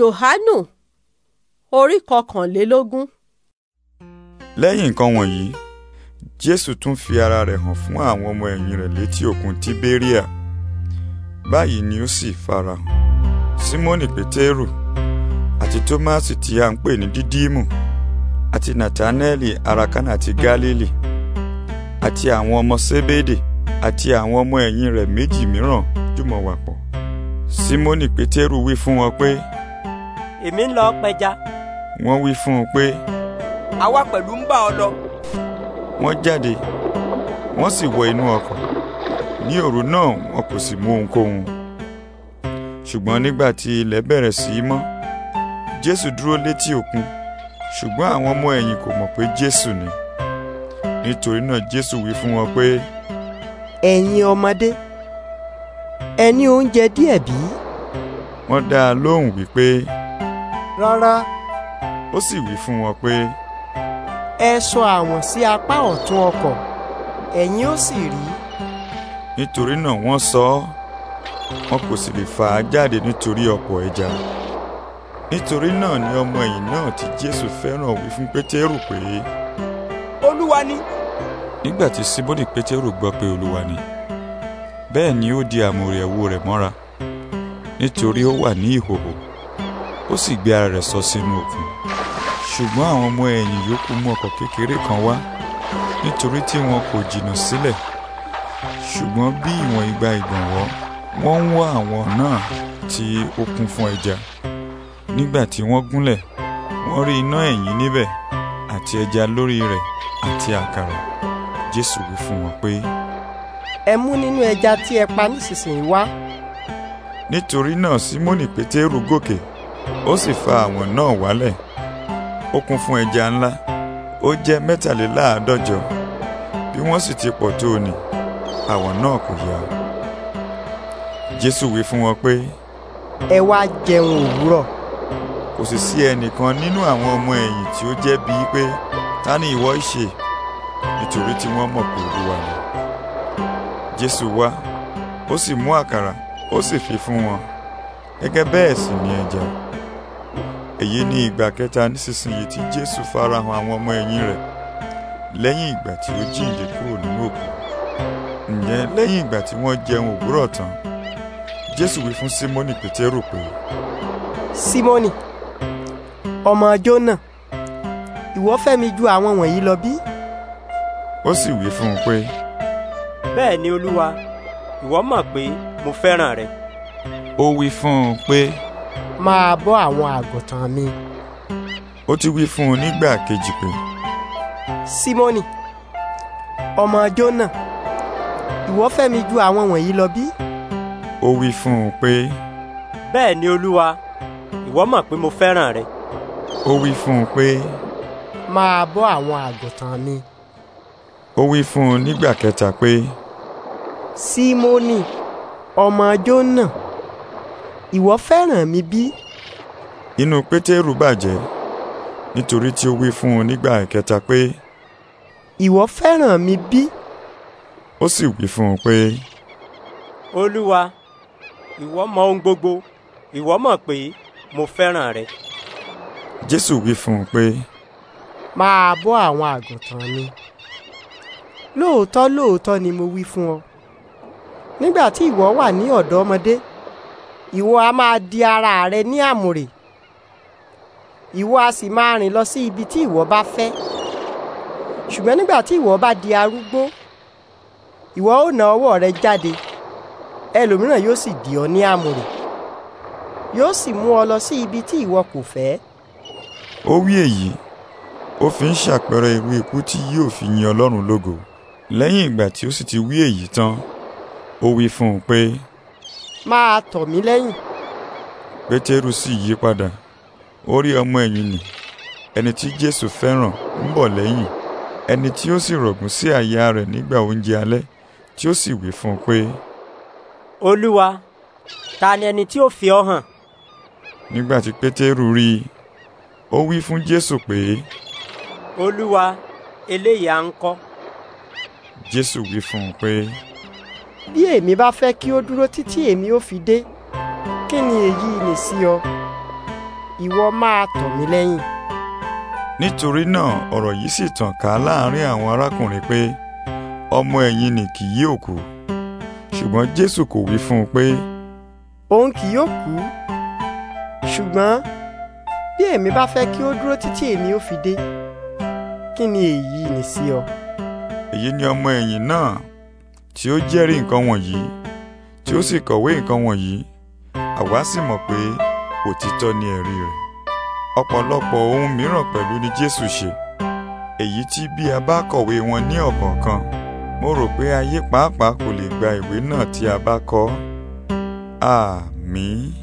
Jòhánù orí kọkànlélógún. lẹ́yìn nǹkan wọ̀nyí Jésù tún fi ara rẹ̀ hàn fún àwọn ọmọ ẹ̀yìn rẹ̀ létí òkun Tíbéríà báyìí ni ó sì farahàn Símónì Pétérù àti Tómásì tí a ń pè ní Dídímù àti Nàtánẹ́ẹ̀lì ará Kánà ti Gálílì àti àwọn ọmọ Sébédè àti àwọn ọmọ ẹ̀yìn rẹ̀ méjì mìíràn jùmọ̀ wà pọ̀ Símónì Pétérù wí fún wọn pé èmi ń lọ pẹja. wọ́n wí fún un pé. àwa pẹ̀lú ń bá ọ lọ. wọ́n jáde wọ́n sì wọ inú ọkọ̀ ní òru náà wọn kò sì mú ohunkóhun ṣùgbọ́n nígbà tí ilẹ̀ bẹ̀rẹ̀ sí í mọ́ jésù dúró létí òkun ṣùgbọ́n àwọn ọmọ ẹ̀yìn kò mọ̀ pé jésù ni nítorí náà jésù wí fún wọn pé. ẹ̀yin ọmọdé ẹ oúnjẹ díẹ̀ bí. wọ́n dá a lóhùn wípé rárá. ó sì wí fún wọn pé. ẹ sọ àwọ̀n sí apá ọ̀tún ọkọ̀ ẹ̀yin ó sì rí. nítorí náà wọ́n sọ ọ́ wọn kò sì lè fà á jáde nítorí ọ̀pọ̀ ẹja. nítorí náà ni ọmọ ẹ̀yìn náà tí jésù fẹ́ràn wí fún pétérù pé. olúwa ni. nígbà tí símónì pétérù gbọ́ pé olúwa ni bẹ́ẹ̀ ni ó di àmùrè rẹ̀ mọ́ra nítorí ó wà ní ìhòòhò ó sì gbé ara rẹ̀ sọ sínú òkun ṣùgbọ́n àwọn ọmọ ẹ̀yìn yòókù mú ọkọ̀ kékeré kan wá nítorí tí wọn kò jìnnà sílẹ̀ ṣùgbọ́n bí ìwọ̀n igba ìgbọ̀nwọ́ wọ́n ń wá àwọn náà tí ó kún fún ẹja nígbà tí wọ́n gúnlẹ̀ wọ́n rí iná ẹ̀yìn níbẹ̀ àti ẹja lórí rẹ̀ àti àkàrà jésù wí fún wọn pé. ẹ mú nínú ẹja tí ẹ pa nísinsìnyí wá. nítorí náà símónì pétérù gòkè ó sì fa àwọ̀n náà wálẹ̀ ó kún fún ẹja ńlá ó jẹ́ mẹ́tàléláàádọ́jọ bí wọ́n sì ti pọ̀ tó ní àwọ̀n náà kò yá jésù wí fún wọn pé. ẹ wá jẹun òwúrọ̀. kò sì sí ẹnìkan nínú àwọn ọmọ ẹ̀yìn tí ó jẹ́ bíi pé ta ni ìwọ í ṣe nítorí tí wọ́n mọ̀ pé olúwa ni. jésù wá ó sì mú àkàrà ó sì fi fún wọn gẹ́gẹ́ bẹ́ẹ̀ sì ni ẹja. E èyí ni ìgbà kẹta nísinsìnyí tí jésù farahàn àwọn ọmọ ẹ̀yìn rẹ̀ lẹ́yìn ìgbà tí ó jíǹde kúrò nínú òkú ǹyẹn lẹ́yìn ìgbà tí wọ́n jẹun òwúrọ̀ tán jésù wí fún símónì pétérù pé. símónì ọmọ jónà ìwọ fẹ́ mi ju àwọn wọ̀nyí lọ bí? ó sì wí fún un pé. bẹ́ẹ̀ ni olúwa ìwọ mọ̀ pé mo fẹ́ràn rẹ. ó wí fún un pé. Pe máa bọ́ àwọn àgùntàn mi. ó ti wí fún un nígbà kejì pé. Símónì ọmọ Jónà ìwọ fẹ́ mi ju àwọn wọ̀nyí lọ bí? ó wí fún un pé. bẹ́ẹ̀ ni Olúwa ìwọ mọ̀ pé mo fẹ́ràn rẹ. ó wí fún un pé. máa bọ́ àwọn àgùntàn mi. ó wí fún un nígbà kẹta pé. Símónì ọmọ Jónà ìwọ fẹ́ràn mi bí? inú pétérù bàjẹ́ nítorí tí ó wí fún un nígbà kẹta pé. ìwọ fẹ́ràn mi bí? ó sì wí fún un pé. olúwa ìwọ mọ ohun gbogbo ìwọ mọ̀ pé mo fẹ́ràn rẹ. jésù wí fún un pé. máa bọ́ àwọn àgùntàn mi. lóòótọ́ lóòótọ́ ni mo wí fún ọ nígbà tí ìwọ wà ní ọ̀dọ́ ọmọdé ìwọ a máa di ara rẹ ní àmùrè ìwọ a sì máa rìn lọ sí ibi tí ìwọ bá fẹ́ ṣùgbọ́n nígbà tí ìwọ bá di arúgbó ìwọ ó na ọwọ́ rẹ jáde ẹlòmíràn yóò sì dì ọ ní àmùrè yóò sì mú ọ lọ sí ibi tí ìwọ kò fẹ́. ó wí èyí ó fi ń ṣàpẹẹrẹ irú ikú tí yóò fi yin Ọlọ́run lógo lẹ́yìn ìgbà tí ó sì ti wí èyí tán ó wí fún un pé. máa tọ̀ mí lẹ́yìn. pétérù sì yí padà ó rí ọmọ ẹ̀yìn nì ẹni tí jésù fẹ́ràn ń bọ̀ lẹ́yìn ẹni tí ó sì rọ̀gùn sí àyà rẹ̀ nígbà oúnjẹ alẹ́ tí ó sì wí fún un pé. olúwa ta ni ẹni tí ó fi ọ hàn. nígbà tí pétérù rí i ó wí fún jésù pé. olúwa eléyìí à ń kọ́. jésù wí fún un pé. bí èmi bá fẹ́ kí ó dúró títí èmi ó fi dé kí ni èyí nì sí ọ ìwọ máa tọ̀ mí lẹ́yìn. nítorí náà ọ̀rọ̀ yìí sì tàn ká láàrin àwọn arákùnrin pé ọmọ ẹ̀yìn ni kì yóò kú ṣùgbọ́n jésù kò wí fún un pé. òun kì yóò kú ṣùgbọ́n bí èmi bá fẹ́ kí ó dúró títí èmi ó fi dé kí ni èyí nì sí ọ. èyí ni ọmọ ẹ̀yìn náà tí ó jẹ́rìí nǹkan wọ̀nyí tí ó sì kọ̀wé nǹkan wọ̀nyí àwa sì mọ̀ pé òtítọ́ ni ẹ̀rí rẹ̀ ọ̀pọ̀lọpọ̀ ohun mìíràn pẹ̀lú ni Jésù ṣe èyí tí bí a bá kọ̀wé wọn ní ọ̀kọ̀ọ̀kan mo rò pé ayé pàápàá kò lè gba ìwé náà tí a bá kọ àmín. Ah,